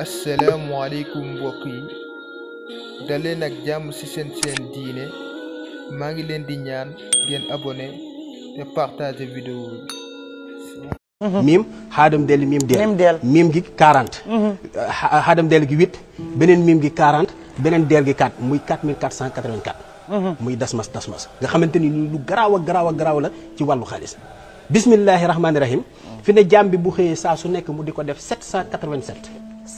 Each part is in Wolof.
Je mbokk yi daleen ak jàmm ci seen seen diine maa ngi di ñaan abonné te vidéo bi mhm. mim xaadam del mim del mim gi 40 xaadam mhm. dell gi 8 beneen mim gi 40 beneen del gi 4 muy 4484 mhm. muy dasmas dasmas nga xamante lu garaaw a garaaw la ci wàllu xaalis bismillahi rahim fi ne jaam bi bu xëyee saa su nekk mu di def 787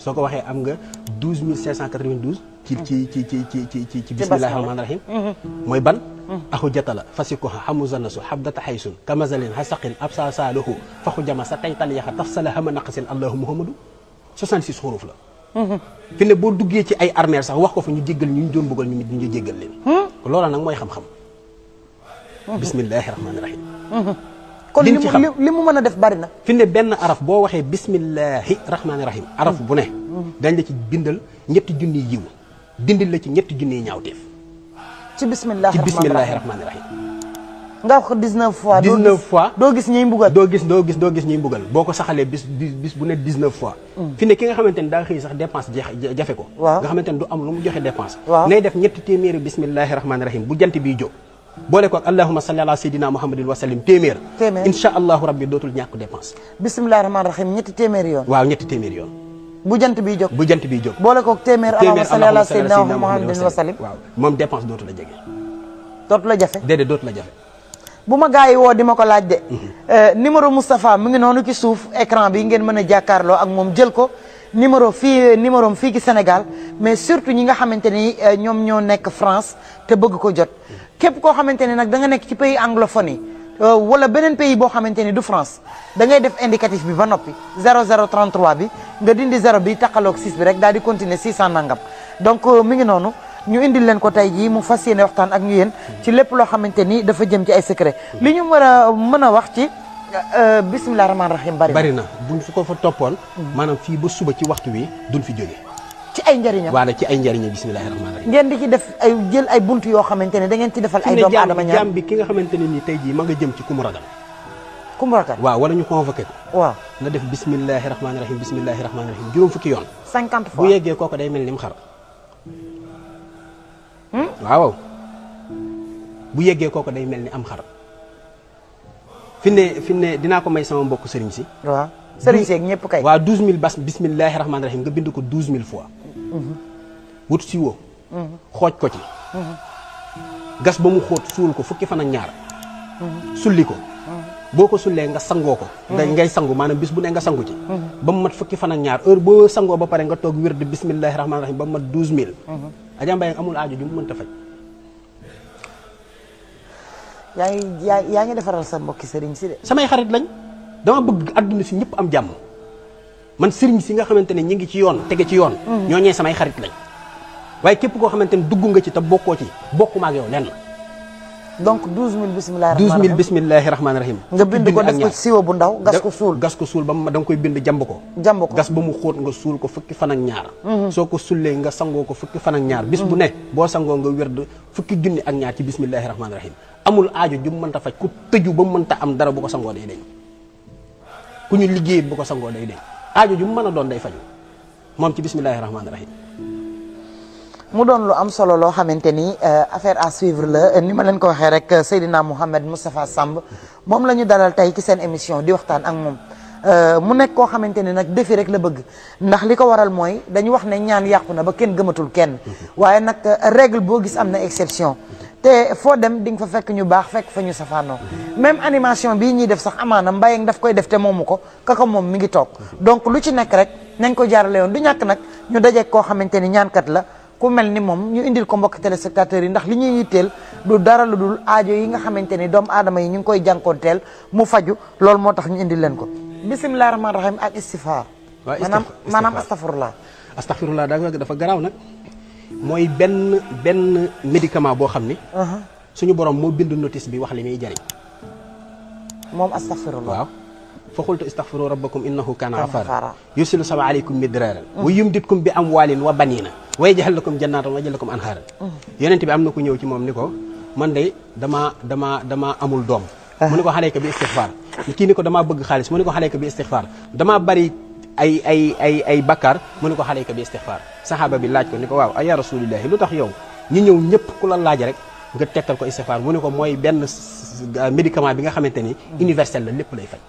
soo ko waxee am nga 12592. ci ci ci ci ci ci ci ci bismillahi rahmaani rahim. mooy ban. axu jatala fasikoha xamu zanasu xabdata la. fi ne boo duggee ci ay armer sax wax ko fa ñu djéggal ñu doon bëggal ñu nit ñu djéggal leen. loola nak moy xam-xam. bismillahir rahmanir rahim. kon li mu li mu mën a def bari na fi benn araf boo waxee bismillahi rahmaani rahim araf bu ne dañ la ci bindal ñetti junniy yiw dindil la ci ñetti junniy ñaawteef ci bismillahi ci bismillahi rahmaani rahim nga wax ko 19 fois 19 fois doo gis ñuy mbugal doo gis doo gis doo gis ñuy mbugal boo ko saxalee bis bis bu ne 19 fois mm. fi ne ki nga xamante ne daa xëy sax dépense jafe ko nga xamante ne du am lu mu joxe dépense nay def ñetti téeméeri bismillahi rahmaani rahim bu jant bii jóg boole ko ak allahuma salli ala sayyidina muhammadin wa sallim téeméer téeméer incha allahu rabbi dootul ñàkk dépense bisimillahi rahmaani rahim ñetti téeméer yoon waaw ñetti téeméer yoon bu jant bi jóg bu jant bi jóg boole ko ak téeméer allahuma salli ala sayyidina muhammadin wa sallim waaw moom dépense dootu la jege dootu la jafe déedéet dootu la jafe bu ma gars yi woo di ma ko laaj de mhm. euh, numéro Moustapha mu ngi noonu ci suuf écran bi ngeen mën a jàkkaarloo ak moom jël ko numéro fii numéro fii ci Sénégal mais surtout ñi nga xamante ni euh, ñoom ñoo nekk France te bëgg ko jot képp koo xamante ni nag da nga nekk ci pays anglophone yi euh, wala beneen pays boo xamante ni du France dangay def indicatif bi ba noppi 0033 bi nga dindi 0 bi taqaloog 6 bi rek daal di continuer 600 nangam donc euh, mi ngi noonu ñu indi leen ko tey jii mu fas yéene waxtaan ak ñu yéen ci lépp loo xamante ni dafa jëm ci ay secret li ñu mën a mën a wax ci Ya, euh, bismillahirrahmanirrahim. bari na bari na buñ su ko fa toppoon. manam fi ba suba ci waxtu wi duñ fi jóge. ci ay njëriñam wala ci ay njëriñam bismillahirrahmanirrahim ngeen di ci def ay jël ay buntu yo xamantene da ngeen ci defal. ay doom adama ñaan jambi ki nga xamantene ni tay ji ma nga jëm ci kumu ragal. kumu ragal wa wala ñu convoqué ko. na def bismillahirrahmanirrahim bismillahirrahmanirrahim juroom fukki yoon. 50 fois bu yeggee koko day mel ni mu xar. Hmm? waaw bu yeggee koko day melni ni am xar fi ne fi ne dinaa ko may sama mbokk sëriñ si. waaw sëriñ si ak ñëpp kay. waaw 12000 bas bismillahi rahmaani rahim nga bind ko 12000 fois. Mhm. wut si woo. Mhm. xooj ko ci. Mhm. gas ba mu xóot suul ko fukki fan ak ñaar. sulli ko. boo ko sullee nga sangoo ko. ngay ngay sangu maanaam bis bu ne nga sangu ci. ba mu mat fukki fan ñaar heure boo sangoo ba pare nga toog wér di bismillahi rahmaani rahim ba mu mat 12000. Adja Mbaye amul aajo ju mu mënta faj. yaa ngi yaa ngi defaral sa mbokki sëriñ si de. samay xarit lañ dama bëgg àdduna si ñëpp am jàmm man sëriñ si nga xamante ne ñu ngi ci yoon tege ci yoon. Mm-hmm. ñoo ñee samay xarit lañ. waaye képp koo xamante ne dugg nga ci te bokkoo ci bokkuma ak yow lenn. donc douze mille bisimilah. douze mille bisimilah rahmaani rahim. nga bind ko def ko siwo bu ndaw gas ko suul. gas ko suul ba mu da nga koy bind jàmb ko. jàmb ko gas ba mu xóot nga suul ko fukki fan ak ñaar. Mhm. soo ko sullee nga sangoo ko fukki fan ak ñaar. bis bu ne mhm. boo sangoo nga werd fukki junni ak ñaar ci bisimilah rahmaani rahim amul aajo ju mu mënta faj ku tëju ba mu mënta am dara bu ko sangoo day deñ ku ñu liggéey bu ko sangoo day deñ aajo ju mu mën a doon day faju moom ci bisimilah rahmaani rahim mu doon lu am solo loo xamante ni euh, affaire à suivre la euh, ni ma leen ko waxee rek euh, Seydina Mouhamed Moustapha Samb moom la ñu dalal tey ci seen émission di waxtaan ak moom. mu nekk koo xamante ne nag defi rek la bëgg ndax li ko waral mooy dañu wax ne ñaan yàqu na ba kenn gëmatul kenn waaye nag règle boo gis am na exception te foo dem di nga fa fekk ñu baax fekk fa ñu safaanoo même animation bii ñuy def sax amaana mbayeng daf koy def te moomu ko kaka moom mi ngi toog donc lu ci nekk rek nañ ko jaarale yoon du ñàkk nag ñu dajeek koo xamante ni ñaankat la ku mel ni moom ñu indil ko mbokk téléspectateurs yi ndax li ñuy yitteel du dara lu dul ajo yi nga xamante ni doomu aadama yi ñu ngi koy jànkoonteel mu faju loolu moo tax ñu indil leen ko bisimilah rahmaan rahim ak istifaar maanaam maanaam astafurlah astafurlah daa dafa garaaw na mooy benn benn médicament boo xam ni uh-huh. suñu borom moo bindu notice bi wax la muy jariñ moom astafurlah fa qultu istaghfiru rabbakum innahu kana ghafara yursilu sama aleykum wa yumditkum bi amwalin wa banina wa yaj'al lakum jannatan wa yaj'al mm-hmm. yonent bi am na ku ñëw ci moom ni ko man de dama dama dama amul doom mu ni ko xaleeka kii ko damaa bëgg xaalis mu ni ko xaleeka bi istighfar damaa bari ay bakkaar ay ay bakkar mu ni ko xaleeka bi istighfar saxaaba bi laaj ko ni ko waaw ay ya rasulillahi lu tax yow ñu ñëw ñëpp ku la laaj rek nga tegtal ko istighfar mu ni ko mooy benn médicament bi nga xamante ni mm-hmm. universel la lépp lay faj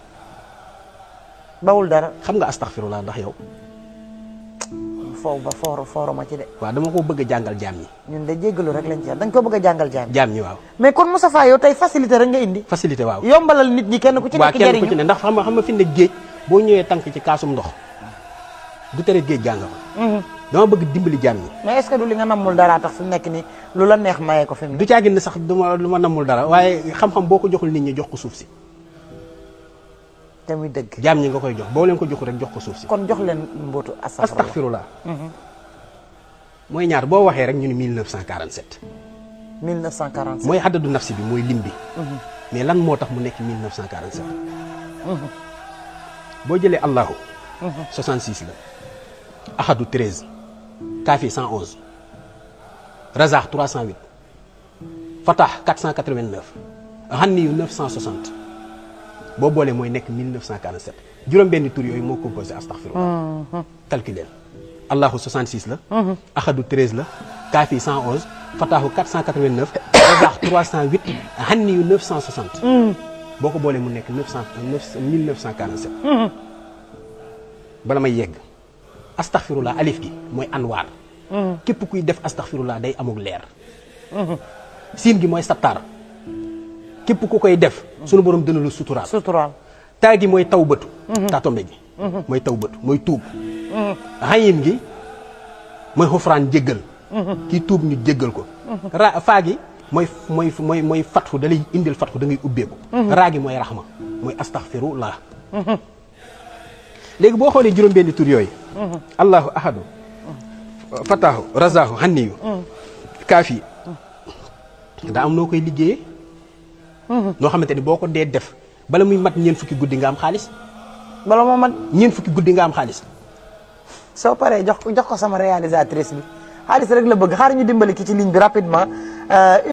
bawul dara xam nga astaxfirullah ndax yow. foofu ba fooro fooro ma ci de. waaw dama ko bëgg jàngal jaam ñi. ñun de jéggalu rek lañ ci dañ ko bëgg a jàngal jaam ñi. jaam ñi waaw. mais kon Moustapha yow tey facilité rek nga indi. facilité waaw yombalal nit ñi kenn ku ci nekk jëriñu waaw kenn ku ci ndax xam xam nga fi ne géej boo ñëwee tànk ci kaasum ndox du tere géej jàng ko. Mhm. dama bëgg dimbali jaam ñi. mais est-ce que du li nga nammul dara tax fi mu nekk ni lu la neex mayee ko fi mu. sax du ma lu ma nammul dara waaye xam boo ko joxul nit ñi jox ko suuf si te muy dëgg jaam ñi nga koy jox boo leen ko joxu rek jox ko suuf si kon jox leen mbootu astaghfirullah mhm. mooy ñaar boo waxee rek ñu ni 1947 1947 mooy àddadu nafsi bi mooy lim bi mhm. mais lan moo tax mu nekk 1947 mhm. boo jëlee allahu 66 la ahadu 13 kaafi 111 razaax 308 fatah 489 xanni yu 960 boo boolee moy nek 1947 juróom-benni tur yooyu composé astaghfirullah mhm. Calculez. Allah 66 la ahadu 13 la 111 Fatah 489 razaax 308 hanni 960 mhm. boo ko boolee mu nek 900 1947 bala may yegg astaghfirullah alif gi mooy anwaar mhm. képp kuy def astaghfirullah day amul leer sin gi moy Saptar. képp ku koy def sunu borom dina la suturaal suturaal taa gi mooy taw bëtu mhm. taatombe gi mhm. mooy taw bëtu mooy tuub mhm. xayin gi mooy xufraan jéggal kii tuub ñu jéggal ko ra faa gi mooy mooy mooy mooy fatxu da lay indil fatxu da ngay ubbeeku raa gi mooy raxma mooy astaxfirullah léegi boo xoolee juróom-benni tur yooyu allahu ahadu fataahu razaahu xanniyu kaafi daa am noo koy liggéeyee loo xamante ni boo ko dee def bala muy mat ñeent fukki guddi nga am xaalis. bala moo mat ñeent fukki guddi nga am xaalis. soo paree jox ko jox ko sama réalisatrice bi xaalis rek la bëgg xaar ñu dimbali ki ci ligne bi rapidement. Euh,